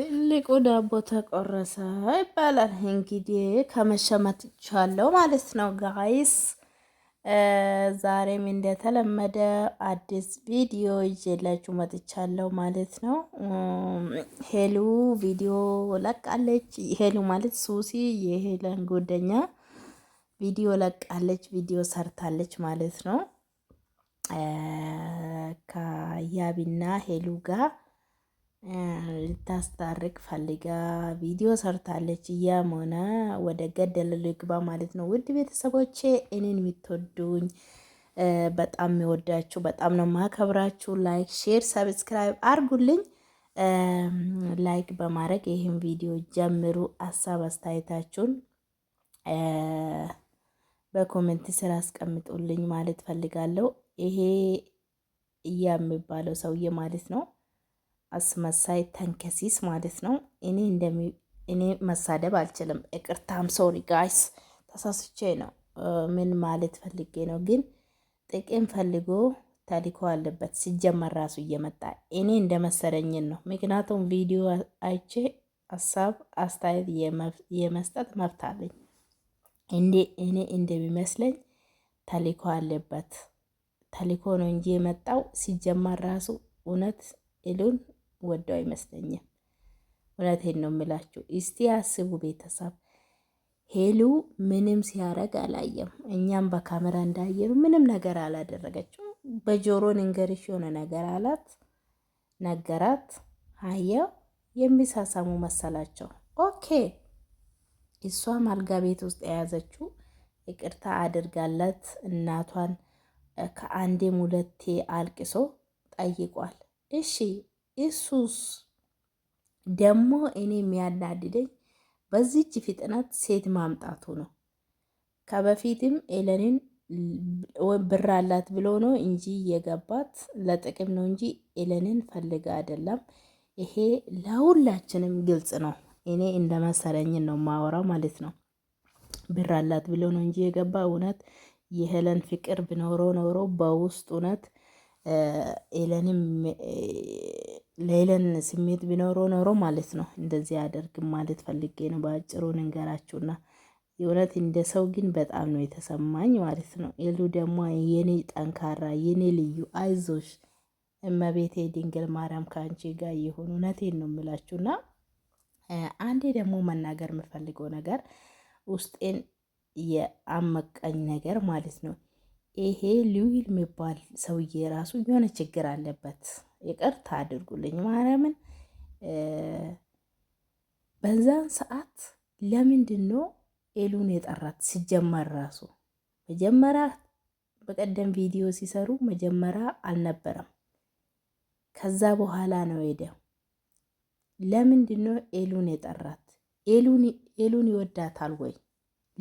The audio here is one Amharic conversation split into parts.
ትልቁ ዳቦ ተቆረሰ ይባላል። እንግዲህ ከመሸመትቻለው ማለት ነው ጋይስ። ዛሬም እንደተለመደ አዲስ ቪዲዮ ይዤላችሁ መጥቻለሁ ማለት ነው። ሄሉ ቪዲዮ ለቃለች። ሄሉ ማለት ሱሲ የሄለን ጎደኛ ቪዲዮ ለቃለች፣ ቪዲዮ ሰርታለች ማለት ነው ከያቢና ሄሉ ጋር ልታስታርቅ ፈልጋ ቪዲዮ ሰርታለች። እያሞና ወደ ገደል ልግባ ማለት ነው። ውድ ቤተሰቦቼ እኔን የምትወዱኝ በጣም የሚወዳችሁ በጣም ነው ማከብራችሁ። ላይክ፣ ሼር፣ ሰብስክራይብ አርጉልኝ። ላይክ በማድረግ ይህን ቪዲዮ ጀምሩ። ሀሳብ አስተያየታችሁን በኮሜንት ስር አስቀምጡልኝ ማለት ፈልጋለሁ። ይሄ እያ የሚባለው ሰውዬ ማለት ነው አስመሳይ ተንከሲስ ማለት ነው። እኔ እንደሚ እኔ መሳደብ አልችልም። እቅርታም ሶሪ ጋይስ ተሳስቼ ነው። ምን ማለት ፈልጌ ነው ግን ጥቅም ፈልጎ ተልእኮ አለበት። ሲጀመር ራሱ እየመጣ እኔ እንደመሰለኝን ነው። ምክንያቱም ቪዲዮ አይቼ ሀሳብ አስተያየት የመስጠት መብት አለኝ። እንዴ እኔ እንደሚመስለኝ ተልእኮ አለበት። ተልእኮ ነው እንጂ የመጣው ሲጀመር ራሱ እውነት እሉን ወደው አይመስለኝም። እውነቴን ነው የምላችሁ። እስቲ አስቡ ቤተሰብ ሄሉ ምንም ሲያረግ አላየም። እኛም በካሜራ እንዳየኑ ምንም ነገር አላደረገችው። በጆሮ ንገርሽ የሆነ ነገር አላት፣ ነገራት። አየው የሚሳሳሙ መሰላቸው። ኦኬ እሷም አልጋ ቤት ውስጥ የያዘችው ይቅርታ አድርጋለት እናቷን ከአንዴም ሁለቴ አልቅሶ ጠይቋል። እሺ ኢሱስ ደግሞ እኔ የሚያናድደኝ በዚች ፍጥነት ሴት ማምጣቱ ነው። ከበፊትም ኤለንን ብር አላት ብሎ ነው እንጂ የገባት ለጥቅም ነው እንጂ ኤለንን ፈልገ አይደለም። ይሄ ለሁላችንም ግልጽ ነው። እኔ እንደ መሰለኝን ነው ማወራው ማለት ነው። ብር አላት ብሎ ነው እንጂ የገባ እውነት የሄለን ፍቅር ብኖሮ ኖሮ በውስጥ እውነት ኤለንም ለይለን ስሜት ቢኖሮ ኖሮ ማለት ነው እንደዚህ አደርግም ማለት ፈልጌ ነው በአጭሩ ንገራችሁና የእውነት እንደ ሰው ግን በጣም ነው የተሰማኝ ማለት ነው። ኤሉ ደግሞ የኔ ጠንካራ የኔ ልዩ አይዞሽ፣ እመቤቴ ድንግል ማርያም ከአንቺ ጋር የሆኑ እውነቴን ነው የምላችሁና፣ አንዴ ደግሞ መናገር የምፈልገው ነገር ውስጤን የአመቀኝ ነገር ማለት ነው ይሄ ሊዊል የሚባል ሰውዬ ራሱ የሆነ ችግር አለበት። ይቅርታ አድርጉልኝ ማርያምን። በዛን ሰዓት ለምንድን ነው ኤሉን የጠራት? ሲጀመር ራሱ መጀመሪያ በቀደም ቪዲዮ ሲሰሩ መጀመሪያ አልነበረም። ከዛ በኋላ ነው ሄደው። ለምንድን ነው ኤሉን የጠራት? ኤሉን ይወዳታል ወይ?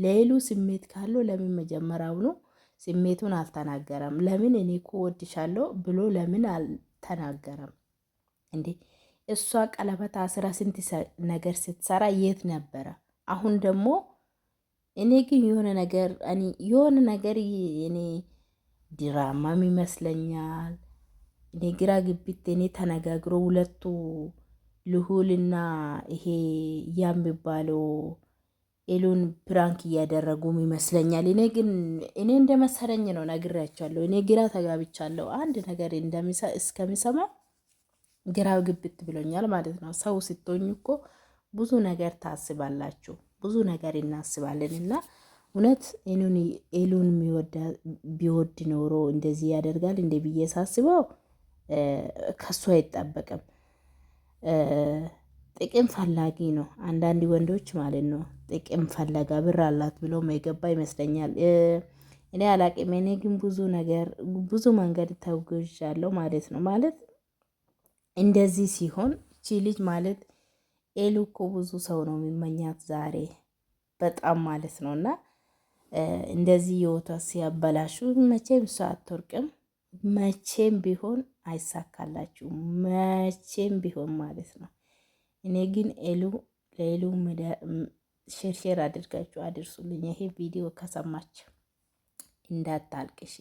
ለኤሉ ስሜት ካለው ለምን መጀመሪያውኑ ስሜቱን አልተናገረም? ለምን እኔ እኮ ወድሻለሁ ብሎ ለምን ተናገረም። እንዴ እሷ ቀለበት አስራ ስንት ነገር ስትሰራ የት ነበረ? አሁን ደግሞ እኔ ግን የሆነ ነገር የሆነ ነገር እኔ ድራማም ይመስለኛል። እኔ ግራ ግቢት እኔ ተነጋግሮ ሁለቱ ልሁልና ይሄ ያ የሚባለው ኤሉን ፕራንክ እያደረጉም ይመስለኛል። እኔ ግን እኔ እንደመሰለኝ ነው ነግሬያቸዋለሁ። እኔ ግራ ተጋብቻለሁ። አንድ ነገር እስከሚሰማ ግራ ግብት ብሎኛል ማለት ነው። ሰው ስትሆኝ እኮ ብዙ ነገር ታስባላችሁ፣ ብዙ ነገር እናስባለን እና እውነት ሄሉን ቢወድ ኖሮ እንደዚህ ያደርጋል እንደ ብዬ ሳስበው ከሱ አይጠበቅም። ጥቅም ፈላጊ ነው። አንዳንድ ወንዶች ማለት ነው ጥቅም ፈለጋ ብር አላት ብሎ የገባ ይመስለኛል። እኔ አላቅም። እኔ ግን ብዙ ነገር ብዙ መንገድ ተጉዣለሁ ማለት ነው። ማለት እንደዚህ ሲሆን እቺ ልጅ ማለት ኤሉ እኮ ብዙ ሰው ነው የሚመኛት ዛሬ በጣም ማለት ነው። እና እንደዚህ ህይወቷ ሲያበላሹ መቼም እሷ አትወርቅም። መቼም ቢሆን አይሳካላችሁም። መቼም ቢሆን ማለት ነው እኔ ግን ሄሉ ለሄሉ ሼርሼር አድርጋችሁ አድርሱልኝ። ይሄ ቪዲዮ ከሰማች እንዳታልቅሽ፣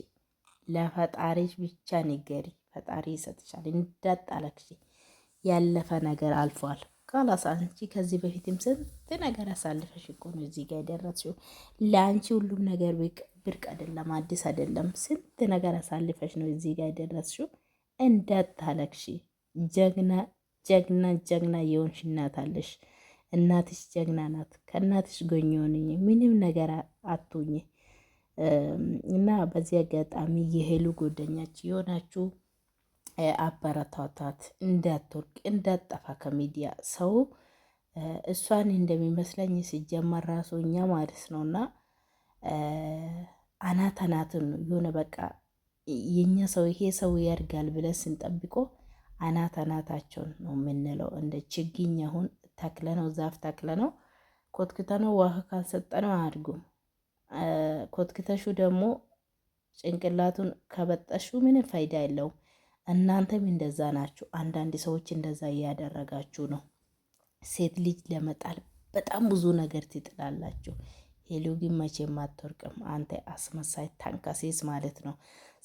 ለፈጣሪሽ ብቻ ንገሪ፣ ፈጣሪ ይሰጥሻል። እንዳታለቅሽ፣ ያለፈ ነገር አልፏል። ካላስ አንቺ ከዚህ በፊትም ስንት ነገር አሳልፈሽ እኮ ነው እዚህ ጋር የደረስሽው። ለአንቺ ሁሉም ነገር ብርቅ አይደለም፣ አዲስ አይደለም። ስንት ነገር አሳልፈሽ ነው እዚህ ጋር የደረስሽው። እንዳታለቅሽ ጀግና ጀግና ጀግና የሆንሽ እናት አለሽ። እናትሽ ጀግና ናት። ከእናትሽ ጎኝ የሆንኝ ምንም ነገር አትሁኝ እና በዚህ አጋጣሚ የሄሉ ጎደኛች የሆናችሁ አበረታታት። እንዳትወርቅ እንዳትጠፋ ከሚዲያ ሰው እሷን እንደሚመስለኝ ሲጀመር ራሱ እኛ ማለት ነው እና አናት አናትን የሆነ በቃ የኛ ሰው ይሄ ሰው ያድጋል ብለን ስንጠብቆ አናት አናታቸውን ነው የምንለው። እንደ ችግኝ አሁን ተክለ ነው ዛፍ ተክለ ነው ኮትክተ ነው ውሃ ካልሰጠ ነው አያድጉም። ኮትክተሹ ደግሞ ጭንቅላቱን ከበጠሹ ምንም ፋይዳ የለውም። እናንተም እንደዛ ናችሁ። አንዳንድ ሰዎች እንደዛ እያደረጋችሁ ነው። ሴት ልጅ ለመጣል በጣም ብዙ ነገር ትጥላላችሁ። ሄሉ ግን መቼም አትወርቅም። አንተ አስመሳይ ታንካሴስ ማለት ነው።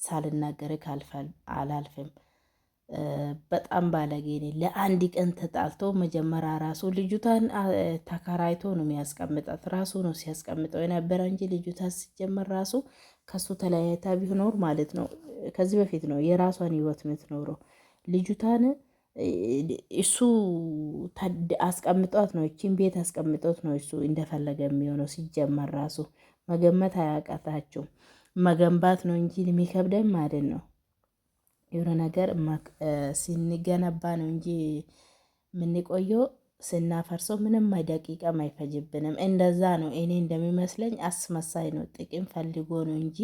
ሳልናገርህ አላልፍም። በጣም ባለጌ ነኝ። ለአንድ ቀን ተጣልቶ መጀመሪያ ራሱ ልጅቷን ተከራይቶ ነው የሚያስቀምጣት። ራሱ ነው ሲያስቀምጠው የነበረ እንጂ ልጅቷ ሲጀመር ራሱ ከሱ ተለያይታ ቢኖር ማለት ነው ከዚህ በፊት ነው የራሷን ህይወት የምትኖረው። ልጅቷን እሱ አስቀምጧት ነው እቺን ቤት አስቀምጦት ነው እሱ እንደፈለገ የሚሆነው። ሲጀመር ራሱ መገመት አያቃታችሁም። መገንባት ነው እንጂ የሚከብደን ማለት ነው። የሆነ ነገር ስንገነባ ነው እንጂ የምንቆየው ስናፈርሰው ምንም ደቂቃም አይፈጅብንም። እንደዛ ነው እኔ እንደሚመስለኝ። አስመሳይ ነው፣ ጥቅም ፈልጎ ነው እንጂ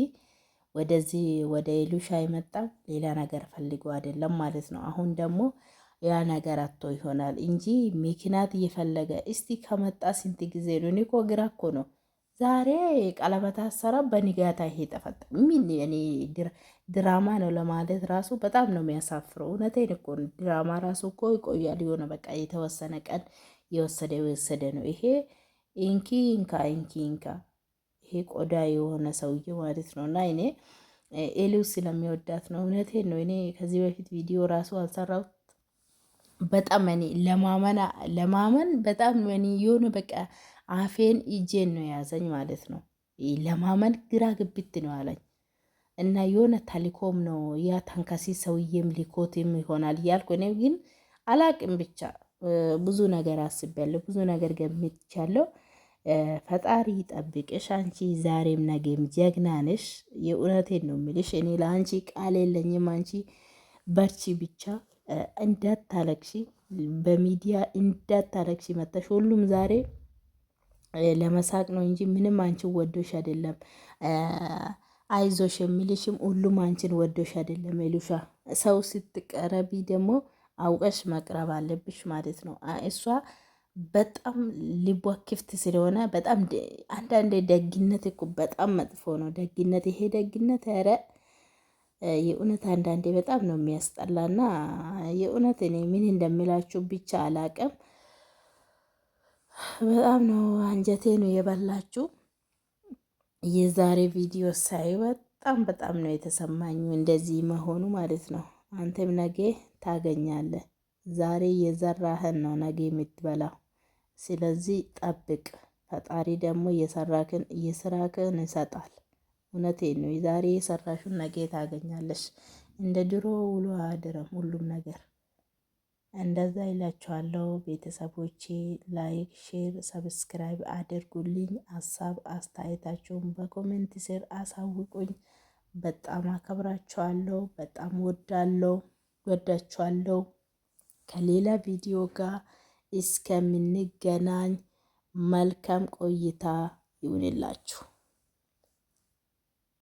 ወደዚህ ወደ ኤሉሻ የመጣው ሌላ ነገር ፈልጎ አይደለም ማለት ነው። አሁን ደግሞ ያ ነገር አቶ ይሆናል እንጂ ምክንያት እየፈለገ እስቲ ከመጣ ስንት ጊዜ ነው? እኔ እኮ ግራ እኮ ነው ዛሬ ቀለበት አሰራር በንጋታ ይሄ ጠፈጠ ሚን እኔ ድራማ ነው ለማለት ራሱ በጣም ነው የሚያሳፍረው። እውነቴን እኮ ድራማ ራሱ እኮ ይቆያል። የሆነ በቃ የተወሰነ ቀን የወሰደ የወሰደ ነው ይሄ። ኢንኪ ኢንካ ኢንኪ ኢንካ ይሄ ቆዳ የሆነ ሰውዬ ማለት ነው። እና እኔ ኤሊው ስለሚወዳት ነው። እውነቴን ነው። እኔ ከዚህ በፊት ቪዲዮ ራሱ አልሰራው በጣም እኔ ለማመን ለማመን በጣም እኔ የሆነ በቃ አፌን እጄን ነው የያዘኝ ማለት ነው። ለማመን ግራ ግብት ነው አለኝ እና የሆነ ታሊኮም ነው ያ ታንካሲ ሰውዬም ሊኮትም ይሆናል እያልኩ እኔ ግን አላቅም ብቻ ብዙ ነገር አስቤያለሁ፣ ብዙ ነገር ገምቻለሁ። ፈጣሪ ጠብቅሽ፣ አንቺ ዛሬም ነገም ጀግና ነሽ። የእውነቴን ነው የምልሽ። እኔ ለአንቺ ቃል የለኝም። አንቺ በርቺ ብቻ፣ እንዳታለቅሺ፣ በሚዲያ እንዳታለቅሺ መተሽ ሁሉም ዛሬ ለመሳቅ ነው እንጂ ምንም አንቺን ወዶሽ አይደለም። አይዞሽ የሚልሽም ሁሉም አንቺን ወዶሽ አይደለም። ሄሉሻ ሰው ስትቀረቢ ደግሞ አውቀሽ መቅረብ አለብሽ ማለት ነው። እሷ በጣም ልቧ ክፍት ስለሆነ በጣም አንዳንዴ ደግነት እኮ በጣም መጥፎ ነው። ደግነት ይሄ ደግነት ረ የእውነት አንዳንዴ በጣም ነው የሚያስጠላና የእውነት እኔ ምን እንደምላችሁ ብቻ አላቅም። በጣም ነው አንጀቴ ነው የበላችሁ። የዛሬ ቪዲዮ ሳይ በጣም በጣም ነው የተሰማኝ፣ እንደዚህ መሆኑ ማለት ነው። አንተም ነገ ታገኛለህ። ዛሬ የዘራህን ነው ነገ የምትበላው። ስለዚህ ጠብቅ። ፈጣሪ ደግሞ የሰራክን የስራክን ይሰጣል። እውነቴ ነው። ዛሬ የሰራሽን ነገ ታገኛለሽ። እንደ ድሮ ውሎ አያድርም ሁሉም ነገር። እንደዛ ይላችኋለሁ ቤተሰቦቼ። ላይክ፣ ሼር፣ ሰብስክራይብ አድርጉልኝ። ሀሳብ አስተያየታችሁን በኮሜንት ስር አሳውቁኝ። በጣም አከብራችኋለሁ። በጣም ወዳለሁ፣ ወዳችኋለሁ። ከሌላ ቪዲዮ ጋር እስከምንገናኝ መልካም ቆይታ ይሁንላችሁ።